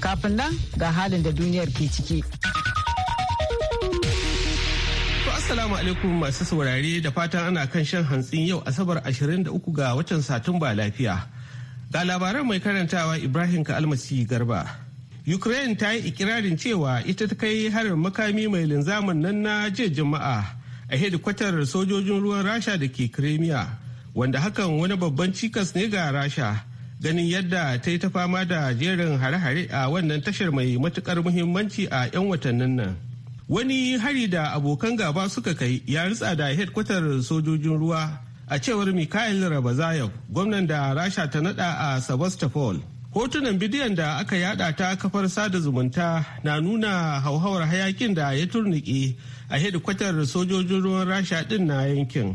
Kafin nan ga halin da duniyar ke ciki. Assalamu alaikum masu saurare da fatan ana kan shan hantsin yau Asabar 23 ga watan Satumba lafiya. Ga labaran mai karantawa Ibrahim Kalmasi Garba. Ukraine ta yi ikirarin cewa ita ta kai harin makami mai linzamin nan na jiya jama'a a hedikwatar sojojin ruwan Rasha da ke Crimea, wanda hakan wani babban cikas ne ga Rasha ganin yadda ta yi ta fama da jerin hare-hare a wannan tashar mai matukar muhimmanci a 'yan watannin nan. Wani hari da abokan gaba suka kai ya rutsa da hedkwatar sojojin ruwa a cewar Mikhail Rabazayev, gwamnan da Rasha ta nada a Sebastopol. Hotunan bidiyon da aka yada ta kafar sada zumunta na nuna hauhawar hayakin da ya turniki a hedkwatar sojojin ruwan Rasha din na yankin.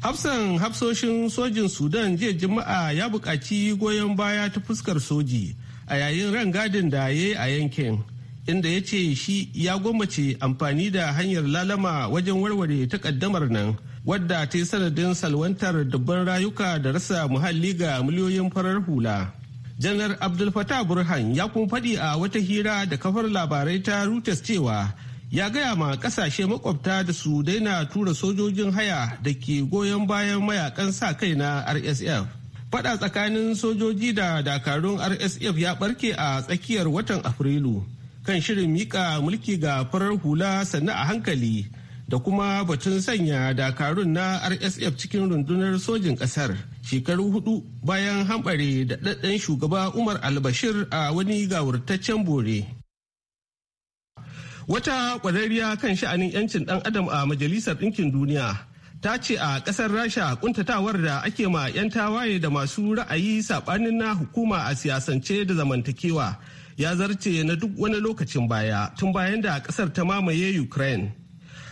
hafsan hafsoshin sojin sudan jiya juma'a ya buƙaci goyon baya ta fuskar soji a yayin ran gadin da ya yi a yankin inda ya ce shi ya gwammace amfani da hanyar lalama wajen warware takaddamar nan wadda ta yi sanadin salwantar dubban rayuka da rasa muhalli ga miliyoyin farar hula janar abdul burhan ya kuma faɗi a wata hira da kafar labarai ta rutas cewa ya gaya ma kasashe makwabta da su daina tura sojojin haya da ke goyon bayan mayakan sa kai na rsf fada tsakanin sojoji da dakarun rsf ya barke a tsakiyar watan afrilu kan shirin mika mulki ga farar hula sannu a hankali da kuma batun sanya dakarun na rsf cikin rundunar sojin kasar shekaru hudu bayan hambare da ɗaɗɗen shugaba umar albashir a wani gawurtaccen bore Wata ƙwararriya kan sha'anin 'yancin ɗan adam a Majalisar Ɗinkin Duniya ta ce a ƙasar Rasha kuntatawar da ake ma 'yan tawaye da masu ra'ayi saɓanin na hukuma a siyasance da zamantakewa ya zarce na duk wani lokacin baya tun bayan da ƙasar ta mamaye Ukraine.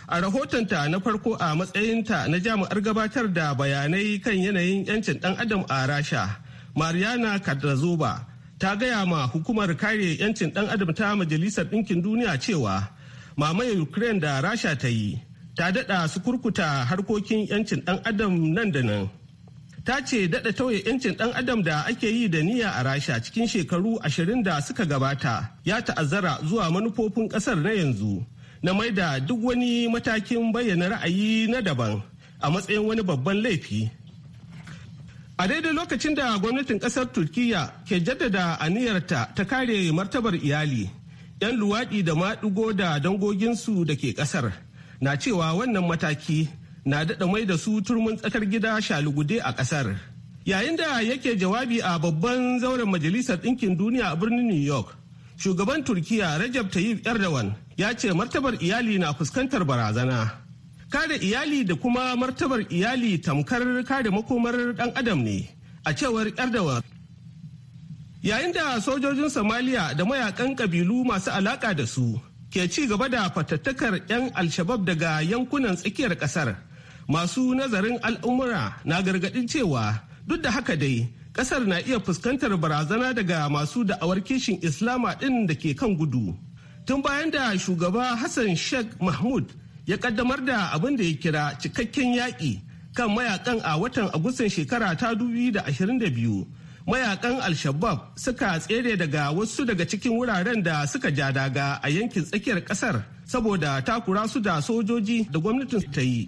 A rahotonta na farko a matsayinta na jami'ar gabatar da bayanai kan yanayin 'yancin ɗan adam a Rasha, Mariana Kadrazoba ta gaya ma hukumar kare 'yancin ɗan adam ta majalisar ɗinkin duniya cewa mamaye ukraine da rasha ta yi ta daɗa su kurkuta harkokin 'yancin ɗan adam nan da nan ta ce daɗa tauye 'yancin ɗan adam da ake yi da niyya a rasha cikin shekaru ashirin da suka gabata ya ta'azzara zuwa manufofin ƙasar na yanzu na maida duk wani matakin bayyana ra'ayi na daban a matsayin wani babban laifi A daidai lokacin da gwamnatin kasar Turkiyya ke jaddada aniyarta ta kare martabar iyali, 'yan luwaɗi da maɗigo da dangoginsu da ke ƙasar na cewa wannan mataki na daɗa mai da su turmin tsakar gida shalugude a ƙasar. Yayin da yake jawabi a babban zauren Majalisar Ɗinkin Duniya a birnin New York, shugaban Turkiyya Rajab Tayyip Erdogan ya ce martabar iyali na fuskantar barazana. Kare iyali da kuma martabar iyali tamkar kare makomar ɗan adam ne, a cewar Erdogan. Yayin da sojojin Somalia da mayakan kabilu masu alaka da su ke ci gaba da fatattakar 'yan Alshabab daga yankunan tsakiyar ƙasar, masu nazarin al'umura na gargadin cewa duk da haka dai kasar na iya fuskantar barazana daga masu da'awar kishin islama din da ke kan gudu tun bayan da shugaba hassan sheikh mahmud ya kaddamar da abin da ya kira cikakken yaƙi kan mayakan a watan agustan shekara ta 2022 mayakan al-shabab suka tsere daga wasu daga cikin wuraren da suka ja daga a yankin tsakiyar kasar saboda takura su da sojoji da gwamnatin ta yi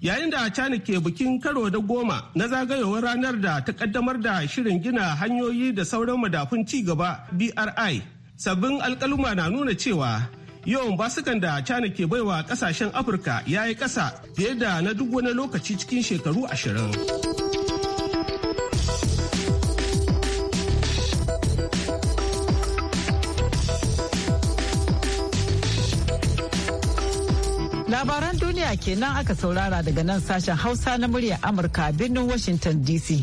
yayin da cani ke bikin karo da goma na zagayowar ranar da ta kaddamar da shirin gina hanyoyi da sauran madafun ci gaba BRI. Sabbin alkaluma na nuna cewa yawan basukan da China ke baiwa kasashen Afirka ya yi ƙasa fiye da na duk wani lokaci cikin shekaru ashirin. Labaran duniya kenan aka saurara daga nan sashen Hausa na muryar Amurka birnin Washington DC.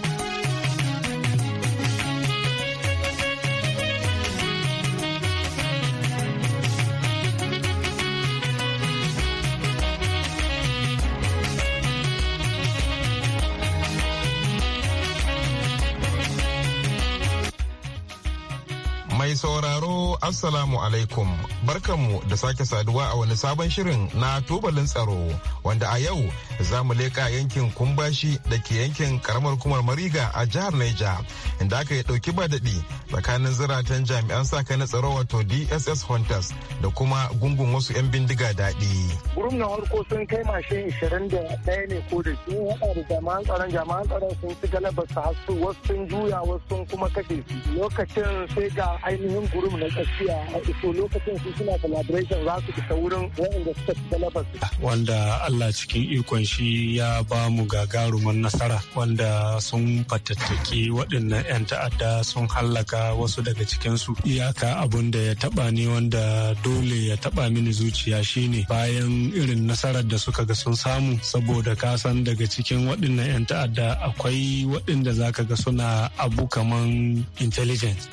Assalamu alaikum, barkanmu da sake saduwa a wani sabon shirin na tubalin tsaro wanda a yau za mu leƙa yankin kumbashi da ke yankin karamar kumar mariga a jihar naija inda aka yi ɗauki daɗi tsakanin ziratan jami'an sa kai na tsaro wato DSS Hunters da kuma gungun wasu 'yan bindiga daɗi. Gurum na harko sun kai mashin 21 ne ko da su haɗa da jama'an tsaron jama'an tsaron sun ci galabar su hasu wasu sun juya wasu sun kuma kashe lokacin sai ga ainihin gurum na tsakiya a iso lokacin su suna collaboration za su fita wurin wanda suka ci galabar su. Wanda Allah cikin ikon shi ya ba mu gagaruman nasara wanda sun fatattake waɗannan 'yan ta'adda sun hallaka wasu daga cikinsu. Iyaka abun da ya taɓa ne wanda dole ya taɓa mini zuciya shine bayan irin nasarar da suka ga sun samu saboda kasan daga cikin waɗannan 'yan ta'adda akwai waɗanda zaka ga suna abu kaman intelligence.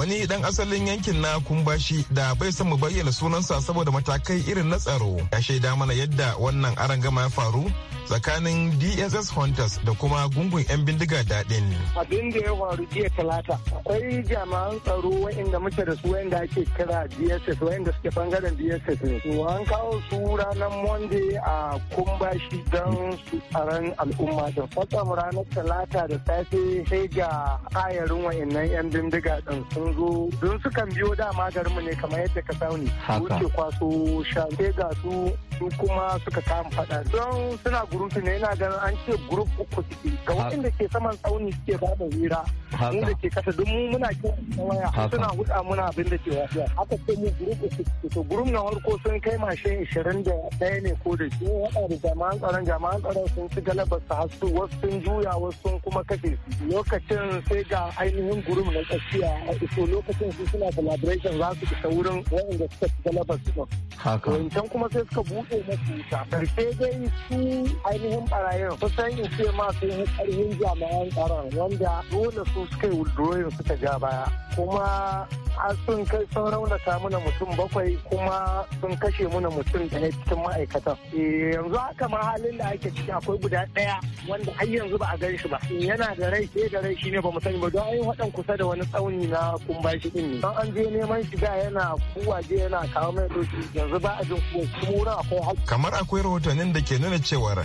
wani dan asalin yankin na kumbashi da bai san mu bayyana sunansa saboda matakai irin na tsaro ya shaida mana yadda wannan arangama ya faru tsakanin dss hunters da kuma gungun 'yan bindiga daɗin abin da ya faru jiya talata akwai jami'an tsaro wa'inda muke da su wa'inda ake kira dss wa'inda suke bangaren dss ne su an kawo su ranar monday a kumbashi don su tsaron al'umma din ranar talata da safe sai ga ayarin wa'innan 'yan bindiga ɗin sun zo don sukan biyo dama garinmu ne kamar yadda ka sauni wuce kwaso sha ga su su kuma suka kama fada don suna gurufi ne yana ganin an ce gurup uku suke ga waɗanda ke saman tsauni suke ba da hira mu da ke kasa don muna ke waya suna huda muna abin da ke wafiya haka ko mu gurup uku suke to gurup na farko sun kai mashin ishirin da ɗaya ne ko da shi waɗanda da jama'an tsaron jama'an tsaron sun ci galabar su hasu wasu sun juya wasu sun kuma kashe su lokacin sai ga ainihin gurup na tsakiya a iso lokacin su suna collaboration za su isa wurin waɗanda suka ci galabar su ɗin. Haka. Wancan kuma sai suka buɗe katse masu wuta karshe dai su ainihin barayin kusan in ce ma sun yi karfin jami'an tsaron wanda dole su suka yi wulduroyin suka ja baya kuma har sun kai sun raunata mana mutum bakwai kuma sun kashe mana mutum da cikin ma'aikatan. Eh, yanzu haka ma halin da ake ciki akwai guda ɗaya wanda har yanzu ba a gan shi ba. Yana da rai sai da rai shine ba mu sani ba don an yi waɗan kusa da wani tsauni na kumbashi ɗin ne. Don an je neman shiga yana kuwaje yana kawo mai doki yanzu ba a jin kuma wurin akwai kamar akwai rahotannin da ke nuna cewar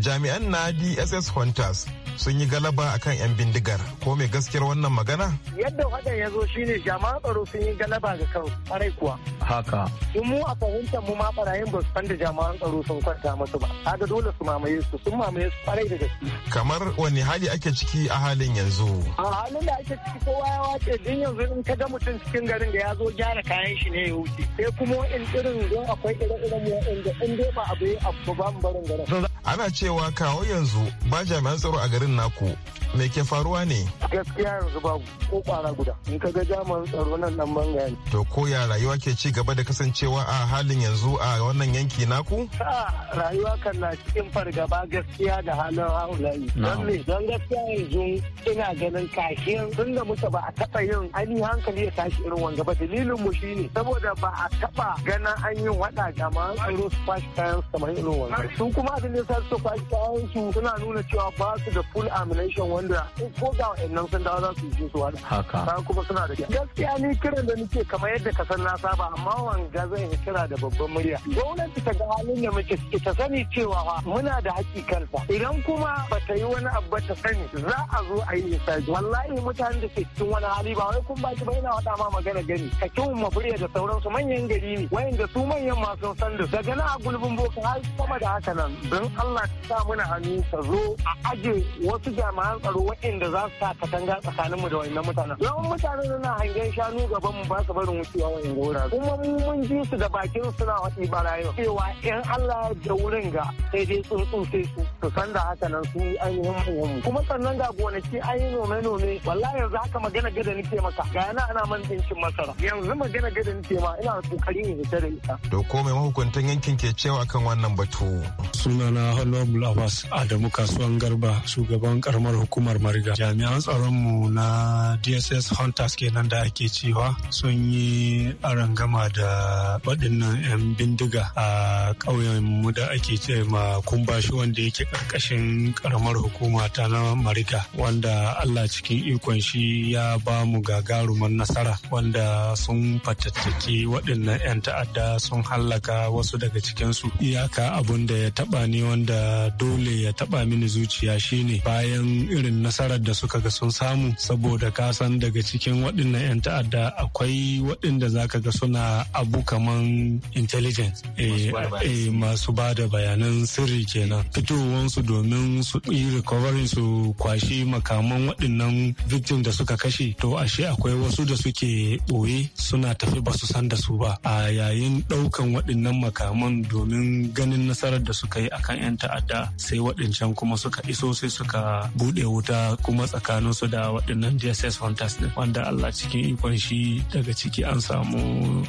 jami'an na dss hunters sun yi galaba akan 'yan bindigar ko mai gaskiyar wannan magana yadda wadanda ya zo shine jama'a tsaro sun yi galaba ga kan kwarai kuwa haka mu a fahimtar mu ma barayin ba su san da jama'an tsaro sun kwanta masu ba kaga dole su mamaye su sun mamaye su kwarai da gaske kamar wani hali ake ciki a halin yanzu a halin da ake ciki kowa ya wace din yanzu in ka ga mutum cikin garin da ya zo gyara kayan shi ne ya wuce sai kuma in irin don akwai ire-iren mu inda in dai ba abu ya abu ba mu barin garin ana cewa kawo yanzu ba jami'an tsaro a garin naku Mai ke faruwa ne gaskiya yanzu ba ko kwara guda in ka ga jami'an tsaro nan dan banga to ko ya rayuwa ke ci gaba da kasancewa a halin yanzu a wannan yanki naku a rayuwa kan na cikin fargaba gaskiya da halin haulayi don me don gaskiya yanzu ina ganin kashin tun da muka ba a taba yin ainihin hankali ya tashi irin wanga ba dalilin mu shine saboda ba a taba ganin an yi wada jama'an tsaro su kwashi kayan kamar irin wanga su kuma abin da su kwashi kayan su suna nuna cewa ba su da full amination wanda ko da wa'annan sun dawo za su yi su wani haka ba kuma suna da gaskiya ni kiran da nake kamar yadda ka san na saba amma wanga zan yi kira da babban murya gwamnati ta ga halin da muke ciki ta sani cewa muna da haƙi kansa idan kuma ba ta yi wani abu ta sani za a zo a yi lissafi wallahi mutanen da ke cikin wani hali ba wai kun baki ba yana faɗa ma magana gani ka kin mafuriya da sauransu manyan gari ne wayanda su manyan masu san da daga na a gulbin boko har sama da haka nan don Allah ta sa muna hannu ta zo a aje wasu jama'an tsaro waɗanda za su sa katanga tsakanin mu da wannan mutanen yawan mutanen na hangen shanu gaban mu ba su barin wucewa wa gora kuma mu mun ji su da bakin suna wasi barayo cewa yan Allah da wurin ga sai dai tsuntsu sai su su san da haka nan su ainihin mu kuma sannan ga gonaki an yi nome nome wallahi yanzu haka magana gada nake maka ga yana ana man dinkin masara yanzu magana gada nake ma ina kokari ne fita da ita to ko mai mahukuntan yankin ke cewa kan wannan batu sunana Halwa Bulabas Adamu Kasuwan Garba shugaban karamar hukuma hukumar Mariga. Jami'an tsaronmu na DSS Hunters kenan da ake cewa sun yi arangama da waɗannan 'yan bindiga a ƙauyen mu da ake ce ma kumbashi wanda yake ƙarƙashin ƙaramar hukuma ta na Mariga wanda Allah cikin ikon shi ya ba mu gagarumar nasara wanda sun fatattaki waɗannan 'yan ta'adda sun hallaka wasu daga cikinsu. Iyaka abun da ya taɓa ne wanda dole ya taɓa mini zuciya shine bayan irin nasarar da suka ga sun samu saboda kasan daga cikin waɗannan 'yan ta'adda akwai waɗanda za ka ga suna abu kaman intelligence eh, eh, masu ba da bayanan sirri kenan fitowansu domin su yi recovering su kwashi makaman waɗannan victim da suka kashe to ashe akwai wasu da suke ɓoye suna tafi ba su san da su ba a yayin ɗaukan waɗannan makaman domin ganin nasarar da suka yi akan 'yan ta'adda sai waɗancan kuma suka iso sai suka buɗe wuta kuma tsakanin su da waɗannan dss hunters ne wanda allah cikin ikon shi daga ciki an samu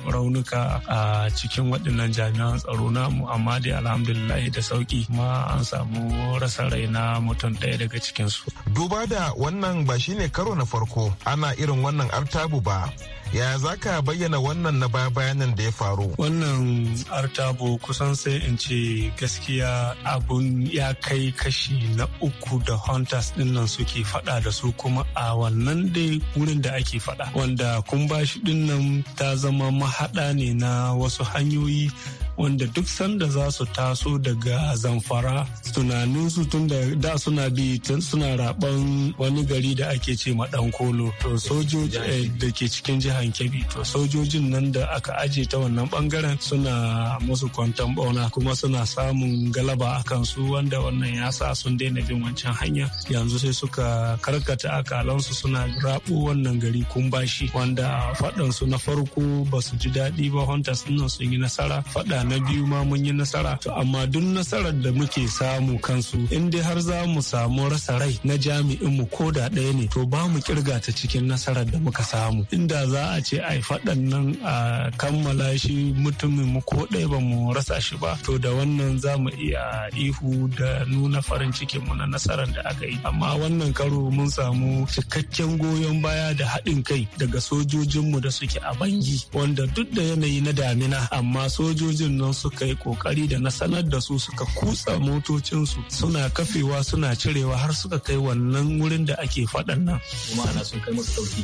raunuka a cikin waɗannan jami'an tsaro namu amma dai alhamdulillah da sauki kuma an samu rasa rai na mutum ɗaya daga cikinsu duba da wannan ba shine karo na farko ana irin wannan artabu ba ya za ka bayyana wannan na baya bayanan da ya faru wannan artabo kusan sai in ce gaskiya abun ya kai kashi na uku da hunters ɗinnan suke fada da su kuma a wannan dai wurin da ake fada wanda kun bashi nan ta zama mahada ne na wasu hanyoyi wanda duk sanda za su taso daga zamfara tunaninsu tun da suna bi tun suna raban wani gari da ake ce ma kolo to sojoji eh, da ke cikin jihar kebbi to sojojin nan da aka aje ta wannan bangaren suna musu kwantan bauna kuma suna samun galaba a kansu wanda wannan ya sa sun daina bin wancan hanya yanzu sai suka karkata akalansu suna rabo wannan gari kun bashi, wanda faɗansu na farko ba su ji daɗi ba hunters nan sun yi nasara faɗa na biyu ma mun yi nasara to amma duk nasarar da muke samu kansu in dai har za mu samu rasa rai na jami'in mu ko da ɗaya ne to ba mu kirga ta cikin nasarar da muka samu inda za a ce ai faɗan nan a kammala shi mutumin mu ko ɗaya ba mu rasa shi ba to da wannan za mu iya ihu da nuna farin cikin mu na nasarar da aka yi amma wannan karo mun samu cikakken goyon baya da haɗin kai daga sojojinmu da suke a bangi wanda duk da yanayi na damina amma sojojin nan suka yi kokari da na sanar da su suka kutsa motocinsu suna kafewa suna cirewa har suka kai wannan wurin da ake faɗan nan.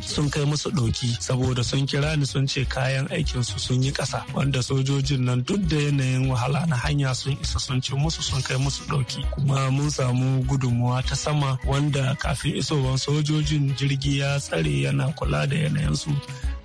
Sun kai musu ɗauki saboda sun kira ni sun ce kayan aikin su sun yi ƙasa wanda sojojin nan duk da yanayin wahala na hanya sun isa sun ci musu sun kai musu ɗauki kuma mun samu gudunmuwa ta sama wanda kafin isowan sojojin jirgi ya tsare yana kula da yanayinsu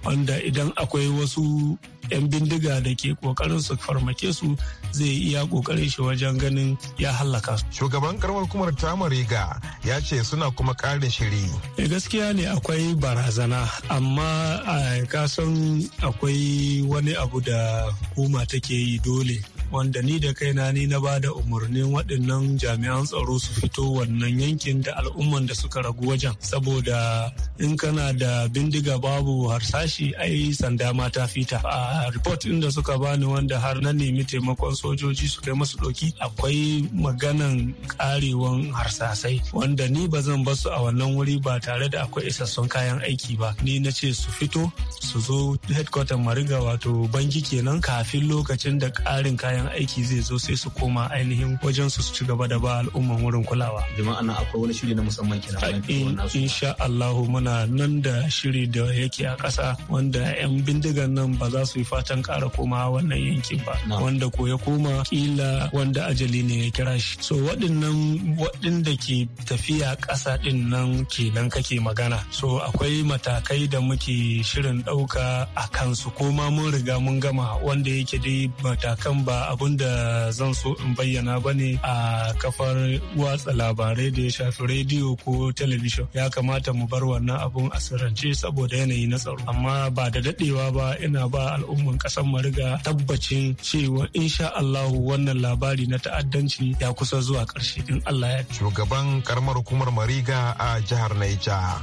wanda idan akwai wasu 'yan bindiga da ke kokarin su farmake su zai iya kokarin shi wajen ganin ya hallaka su. Shugaban karamar kumar Tamariga ya ce suna kuma karin shiri. E gaskiya ne akwai barazana amma a eh, kasan akwai wani abu da hukuma take yi dole wanda ni da kaina ni na ba da umarnin waɗannan jami'an tsaro su fito wannan yankin da al'umman da suka ragu wajen saboda in kana da bindiga babu harsashi ai sanda ma ta fita a report ɗin da suka bani wanda har na nemi taimakon sojoji su kai masu ɗoki akwai maganan karewan harsasai wanda ni ba zan basu a wannan wuri ba tare da akwai isassun kayan aiki ba ni na ce su fito su zo headquarter mariga wato banki kenan kafin lokacin da ƙarin kayan aiki zai zo sai su koma ainihin wajen su ci gaba da ba al'umman wurin kulawa. Jama'a na akwai wani shiri na musamman kenan. Insha Allahu muna nan da shiri da yake a ƙasa wanda 'yan bindigan nan ba za su yi fatan ƙara koma wannan yankin ba. Wanda ko ya koma kila wanda ajali ne ya kira shi. So waɗannan waɗanda ke tafiya ƙasa ɗin nan kenan kake magana. So akwai matakai da muke shirin ɗauka a kansu ko ma mun riga mun gama wanda yake dai matakan ba abin abun da zan so in bayyana ba ne a kafar watsa labarai da ya shafi rediyo ko talabijin ya kamata mu bar wannan abun a sirrance saboda yanayi na tsaro amma ba da daɗewa ba ina ba al'umman kasar mariga tabbacin cewa insha Allah wannan labari na ta'addanci ya kusa zuwa ƙarshe in Allah ya shugaban karamar hukumar mariga a jihar Naija.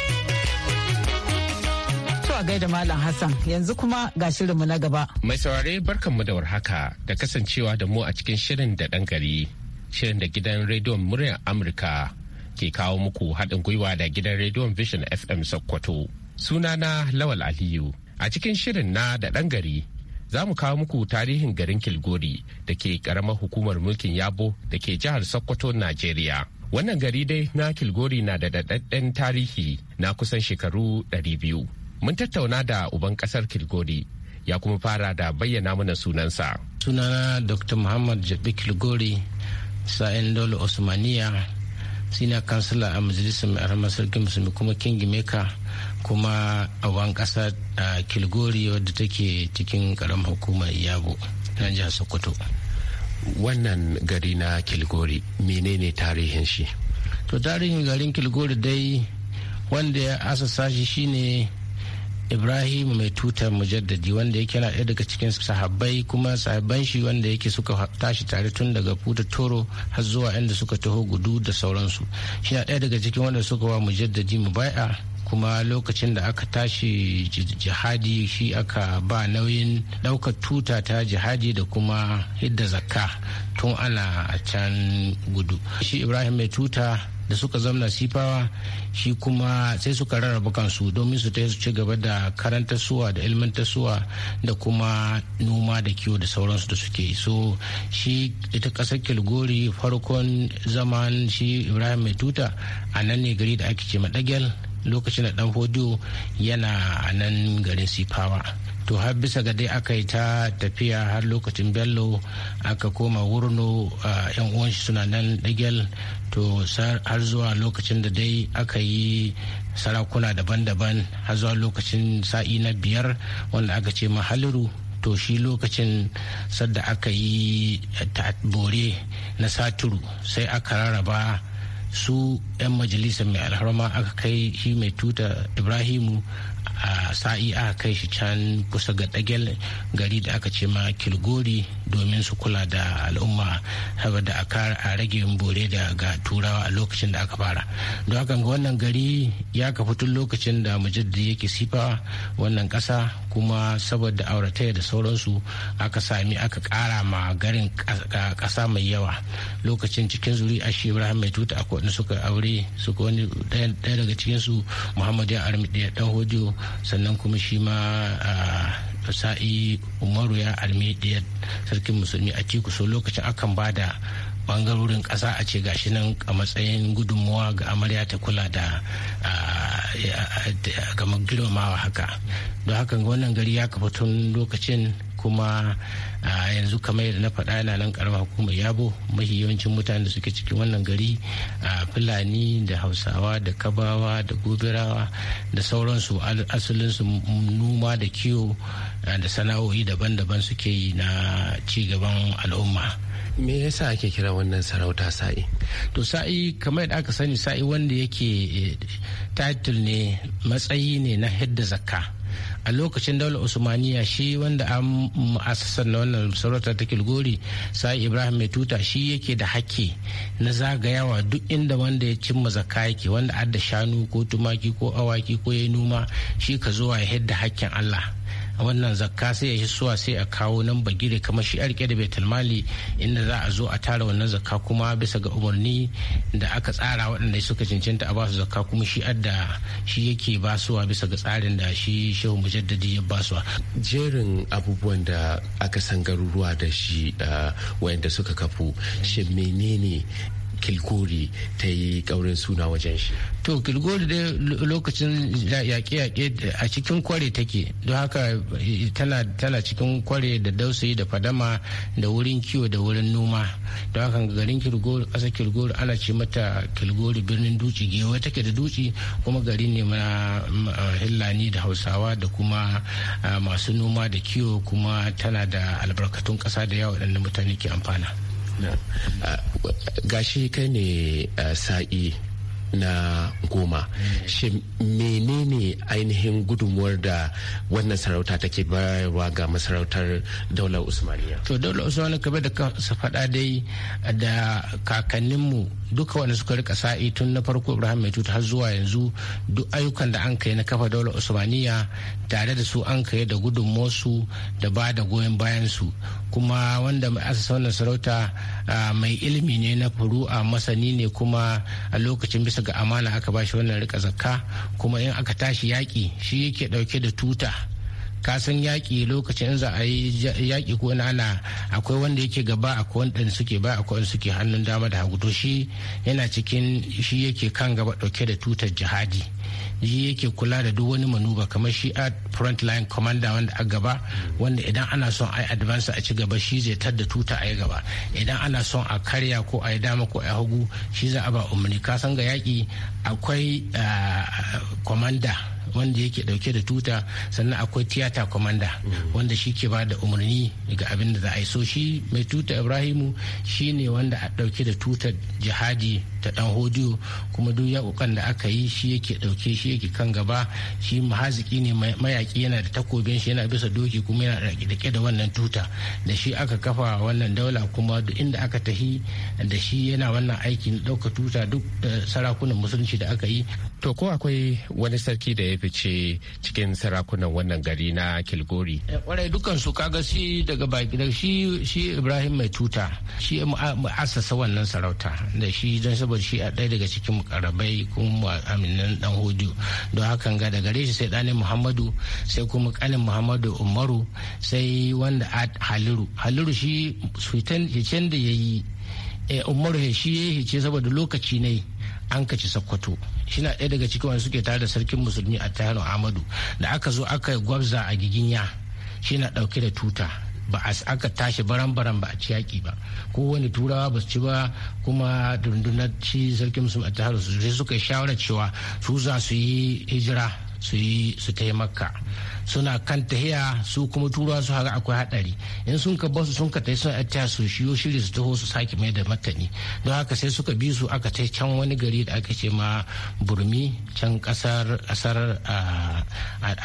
a gaida Malam Hassan yanzu kuma ga shirinmu na gaba. Mai saurare barkanmu da warhaka da kasancewa da mu a cikin shirin da ɗan gari. Shirin da gidan rediyon muryar Amurka ke kawo muku haɗin gwiwa da gidan rediyon Vision FM Sokoto. Sunana Lawal Aliyu. A cikin shirin na da ɗan gari za mu kawo muku tarihin garin Kilgori da ke ƙaramar hukumar mulkin Yabo da ke jihar Sokoto, Najeriya. Wannan gari dai na Kilgori na da daɗaɗɗen tarihi na kusan shekaru ɗari biyu. mun tattauna da uban kasar kilgori ya kuma fara da bayyana mana sunansa sunana dr muhammad jabi kilgori sa'in dole osmaniya sina kansila a majalisar mai arama sarkin musulmi kuma meka kuma a wan kasa a kilgori wadda take cikin karamar hukumar yabo na jihar sokoto wannan gari na kilgori menene tarihin shi to tarihin garin kilgori dai wanda ya asasa shi shine ibrahim mai tutar mujaddadi wanda yake yana ɗaya daga cikin sahabbai kuma sahabban shi wanda yake suka tashi tare tun daga puta toro har zuwa inda suka taho gudu da sauransu shi na ɗaya daga cikin wanda suka wa mujaddadi mu mubai'a kuma lokacin da aka tashi jihadi shi aka ba nauyin ɗaukar tuta ta jihadi da kuma hidda zakka tun ana can gudu shi ibrahim mai tuta da suka zamna sifawa shi kuma sai suka rarraba kansu domin su ta ci gaba da karanta suwa da ilmanta suwa da kuma noma da kiwo da sauransu da suke so shi ita kasar kilgori farkon zaman shi ibrahim mai tuta a nan ne gari da ake ce madagal lokacin da dan yana a nan garin sifawa to har bisa ga dai aka yi ta tafiya har lokacin bello aka koma wurno yan uwan shi suna nan dagel to har zuwa lokacin da dai aka yi sarakuna daban-daban har zuwa lokacin sa'i na biyar wanda aka ce mahaliru to shi lokacin sadda aka yi bore na saturu sai aka rarraba su 'yan majalisar mai alharma aka kai shi mai tuta ibrahimu a sa'i aka kai shi can kusa ga dagel gari da aka ce ma kilgori domin su kula da al'umma saboda a rage bore da ga turawa a lokacin da aka fara don haka ga wannan gari ya kafu tun lokacin da mujaddadi yake sifa wannan kasa kuma saboda aurataya da sauransu aka sami aka kara ma garin kasa mai yawa lokacin cikin zuri a shi ibrahim mai tuta a wani suka aure suka wani ɗaya daga cikinsu muhammadu ya armi ɗaya dan hojo sannan kuma shi ma ah, sa'i umaru ya almi ɗaya sarkin musulmi a tiku so lokacin akan ba da bangarorin ƙasa a ce gashi nan a matsayin gudunmuwa ga amarya ta kula da gama girmamawa haka don haka wannan gari ya kafa tun lokacin kuma yanzu kamar yadda na faɗa yana nan ƙaramar hukumar yabo mahi yawancin mutanen da suke cikin wannan gari a fulani da hausawa da kabawa da gobirawa da sauransu asalinsu noma da kiwo da sana'o'i daban-daban suke yi na ci gaban al'umma me yasa ake kira wannan sarauta sa'i to sa'i kamar da aka sani sa'i wanda yake eh, title ne matsayi ne na hidda zakka a lokacin daular usmaniya shi wanda an mu'assasar na wannan sarauta ta kilgori sai ibrahim mai tuta shi yake da haƙƙi na zagayawa duk inda wanda ya cimma zakka yake wanda adda shanu ko tumaki ko awaki ko ya noma shi ka zuwa ya hidda haƙƙin allah wannan zakka sai ya suwa sai a kawo nan bagire kamar shi arke da baitul inda za a zo a tara wannan zakka kuma bisa ga umarni da aka tsara waɗanda suka cancanta a basu zakka kuma shi adda shi yake basuwa bisa ga tsarin da shi shehu mujaddadi ya basuwa jerin abubuwan da aka san garuruwa da shi eh, wayanda suka kafu shin menene kilgori ta yi ƙaurin suna wajen shi to kilgori dai lokacin yaƙe-yaƙe a cikin kware take don haka tana cikin kware da dausayi da fadama da wurin kiwo da wurin noma don haka garin kilgori ƙasa kilgori ana ce mata kilgori birnin duci gewa take da duci kuma gari ne na hillani da hausawa da kuma ah, masu noma da kiwo kuma tana da albarkatun ƙasa da yawa waɗanda mutane ke amfana. Uh, gashi kai ne uh, sa'i na goma shi menene ainihin gudunmuwar da wannan sarauta take bayarwa ga masarautar daular usmaniya to daular usmaniya kamar da ka faɗa dai da kakanninmu duka wanda suka rika sa'i tun na farko ibrahim mai tuta har zuwa yanzu duk ayyukan da an kai na kafa daular usmaniya tare da su an kai da gudunmosu da ba da goyon bayan su kuma wanda mai asasa wannan sarauta mai ilimi ne na furu'a masani ne kuma a lokacin bisa ga amana aka bashi wannan rika zakka kuma in aka tashi yaƙi shi yake ɗauke da tuta kasan yaƙi lokacin za a yi yaƙi ko nana akwai wanda yake gaba akwai wanda suke ba akwai wanda suke hannun dama da hagu to shi yana cikin shi yake kan gaba ɗauke da tutar jihadi shi yake kula da duk wani manuba kamar shi a front line commander wanda a gaba wanda idan ana son a yi advance a ci gaba shi zai tar da tuta a yi gaba idan ana son a karya ko a yi dama ko a yi hagu shi za a ba umarni kasan ga yaƙi akwai ah, commander wanda yake dauke da tuta sannan akwai tiyata komanda wanda shi ke ba da umarni ga abin da za a yi so shi mai tuta ibrahimu shi ne wanda a dauke da tuta jihadi ta dan hodiyo kuma duk yakukan da aka yi shi yake dauke shi yake kan gaba shi mahaziki ne mayaki yana da takobin shi yana bisa doki kuma yana da da wannan tuta da shi aka kafa wannan daula kuma duk inda aka tahi da shi yana wannan aikin na dauka tuta duk da sarakunan musulunci da aka yi To ko akwai wani sarki da ya fice cikin sarakunan wannan gari na Kilgori? Eh, kwarai dukkan su kaga shi daga baki da shi Ibrahim mai tuta shi asasa wannan sarauta da shi don saboda shi a ɗaya daga cikin karabai kuma aminan dan hudu don hakan ga da gare shi sai ɗanin Muhammadu sai kuma ƙanin Muhammadu Umaru sai wanda Haliru Haliru shi suitan hicen da ya yi eh, Umaru shi ya yi hice saboda lokaci ne an kaci sokoto shi na ɗaya daga cikin wanda suke tare da sarkin musulmi a tayano amadu da aka zo aka gwabza a giginya shi na ɗauke da tuta ba a aka tashi baran-baran ba a ci yaƙi ba ko wani turawa ba su ci ba kuma dundunar ci sarkin musulmi a tayano su suka yi shawarar cewa su za su yi hijira su yi su taimaka suna kan tahiya su kuma tura su haka akwai hadari in sun ka basu sun ka tai sun a su shiyo shiri su taho su sake mai da matani don haka sai suka bi su aka tai can wani gari da aka ce ma burmi can kasar kasar ah,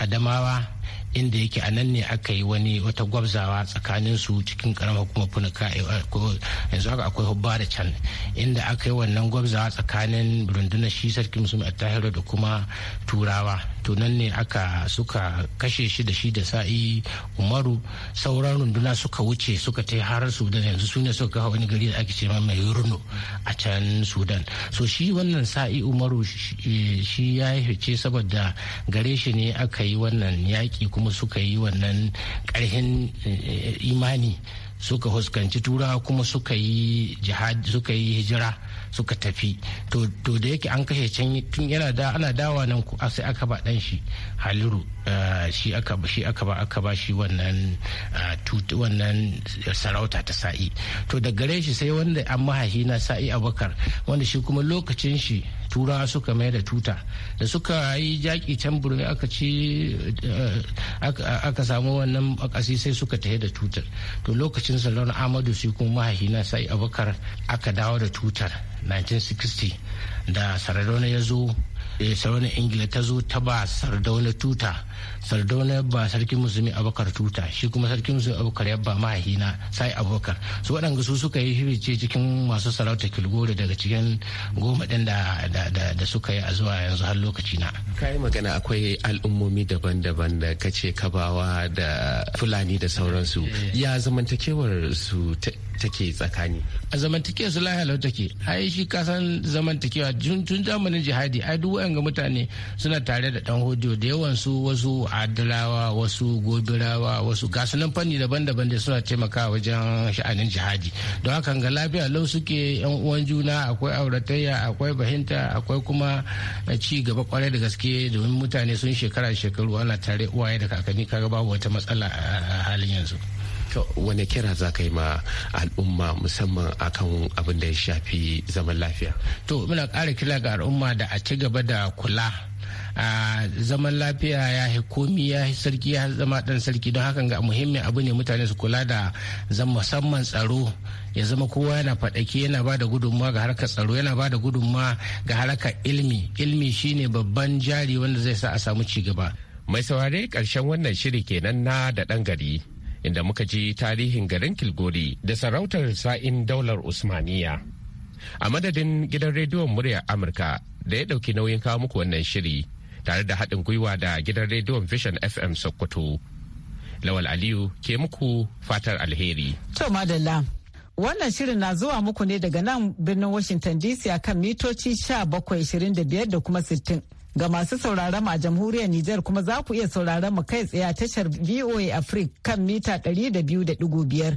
adamawa inda yake a nan ne aka yi wani wata gwabzawa tsakanin su cikin karamar hukumar funuka eh, eh, yanzu haka akwai hubba da can inda aka yi wannan gwabzawa tsakanin rundunar shi sarki musulmi attahiru da kuma turawa to nan ne aka suka kashe shi da shi da sa'i umaru sauran runduna suka wuce suka ta har sudan yanzu su ne suka kawo wani gari da ake ce mai runo a can sudan so shi wannan sa'i umaru shi ya fice saboda gare shi ne aka yi wannan yaƙi. yaƙi kuma suka yi wannan ƙarhin eh, imani suka huskanci tura kuma suka yi jihad suka yi hijira suka tafi to da yake an kashe can tun yana da ana dawa nan sai aka ba dan shi haliru eh, shi aka ba shi aka ba aka ba shi wannan eh, wannan sarauta ta sa'i to da gare shi sai wanda an mahahi na sa'i abakar wanda shi kuma lokacin shi turawa suka mai da tuta da suka yi jaki can aka ci eh, aka samu wannan bakasi sai suka tafi da tutar to lokacin salon amadu su kuma mahaifina sai abokar aka dawo da tutar 1960 da sardauna ya zo eh, sardauna ingila ta zo ta ba sardauna tuta sardauna yabba sarkin musulmi abubakar tuta shi kuma sarkin musulmi abubakar yabba mahina sai abubakar su waɗanda su suka yi hirice cikin masu sarauta kilgore daga cikin goma ɗin da suka yi a zuwa yanzu har lokaci na. ka yi magana akwai al'ummomi daban-daban da kace kabawa da fulani da sauransu eh. ya zamantakewar su take tsakani a zamantakewa su lahiya lau take ai shi kasan zamantakewa tun zamanin jihadi ai duk wayan mutane suna tare da dan hodiyo da yawan su wasu adulawa wasu gobirawa wasu gasunan fanni daban-daban da suna taimakawa wajen sha'anin jihadi don haka ga lafiya lau suke yan uwan juna akwai auratayya akwai bahinta akwai kuma ci gaba kwarai da gaske domin mutane sun shekara shekaru ana tare uwaye da kakanni kaga babu wata matsala a halin yanzu wane kira za ka yi ma al'umma musamman akan abin da ya shafi zaman lafiya to muna kara kira ga al'umma da a ci gaba da kula zaman lafiya ya yi komi ya yi sarki ya zama dan sarki don hakan ga muhimmin abu ne mutane su kula da zan musamman tsaro ya zama kowa yana faɗaki yana ba da gudunmawa ga harkar tsaro yana ba da gudunmawa ga harkar ilmi ilmi shine babban jari wanda zai sa a samu ci gaba mai saurare karshen wannan shiri kenan na da ɗan gari inda muka ji tarihin garin kilgori da sarautar sa'in daular usmaniya a madadin gidan rediyon muryar amurka da ya ɗauki nauyin kawo muku wannan shiri tare da haɗin gwiwa da gidan rediyon vision fm sokoto lawal aliyu ke muku fatar alheri to madalla wannan shirin na zuwa muku ne daga nan birnin washington dc a kan mitoci sha bakwai 1725 da kuma sittin ga masu sauraron mu a jamhuriyar Nijar kuma za ku iya sauraron mu kai tsaye a tashar VOA Africa kan mita ɗari da da biyu biyar.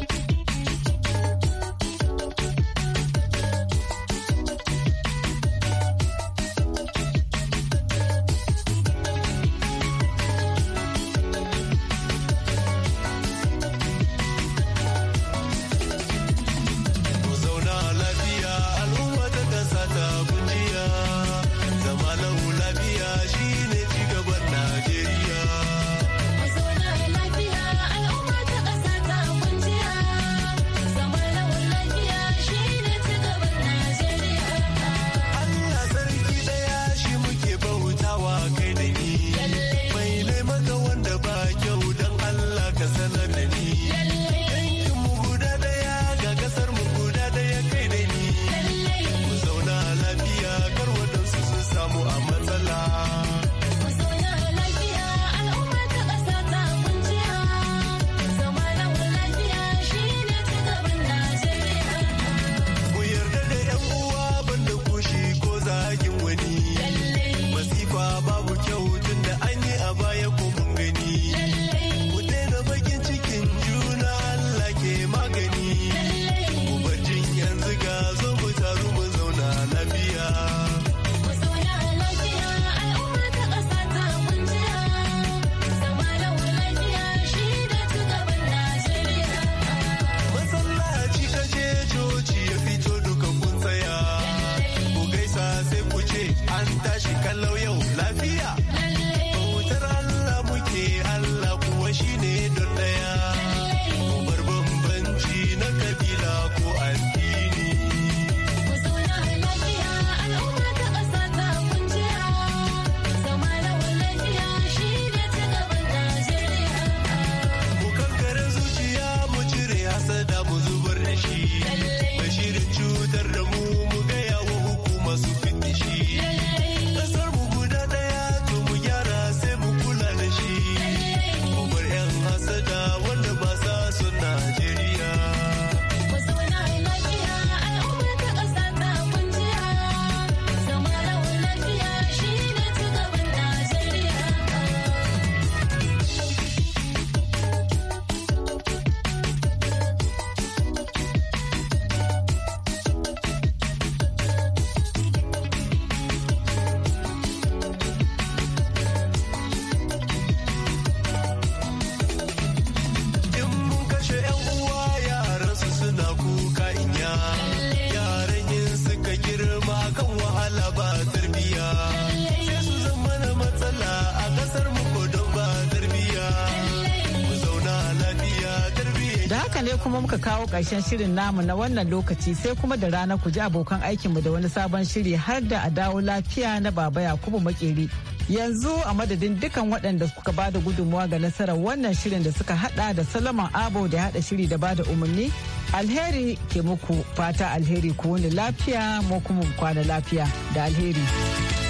kuma muka kawo ƙarshen shirin namu na wannan lokaci sai kuma da rana ku ji abokan aikinmu da wani sabon shiri har da a dawo lafiya na baba yakubu makeri yanzu a madadin dukan waɗanda suka bada gudunmuwa ga nasarar wannan shirin da suka hada da salaman abo da hada shiri da bada umarni alheri ke muku fata alheri ku wani lafiya mu kuma kwana lafiya da alheri.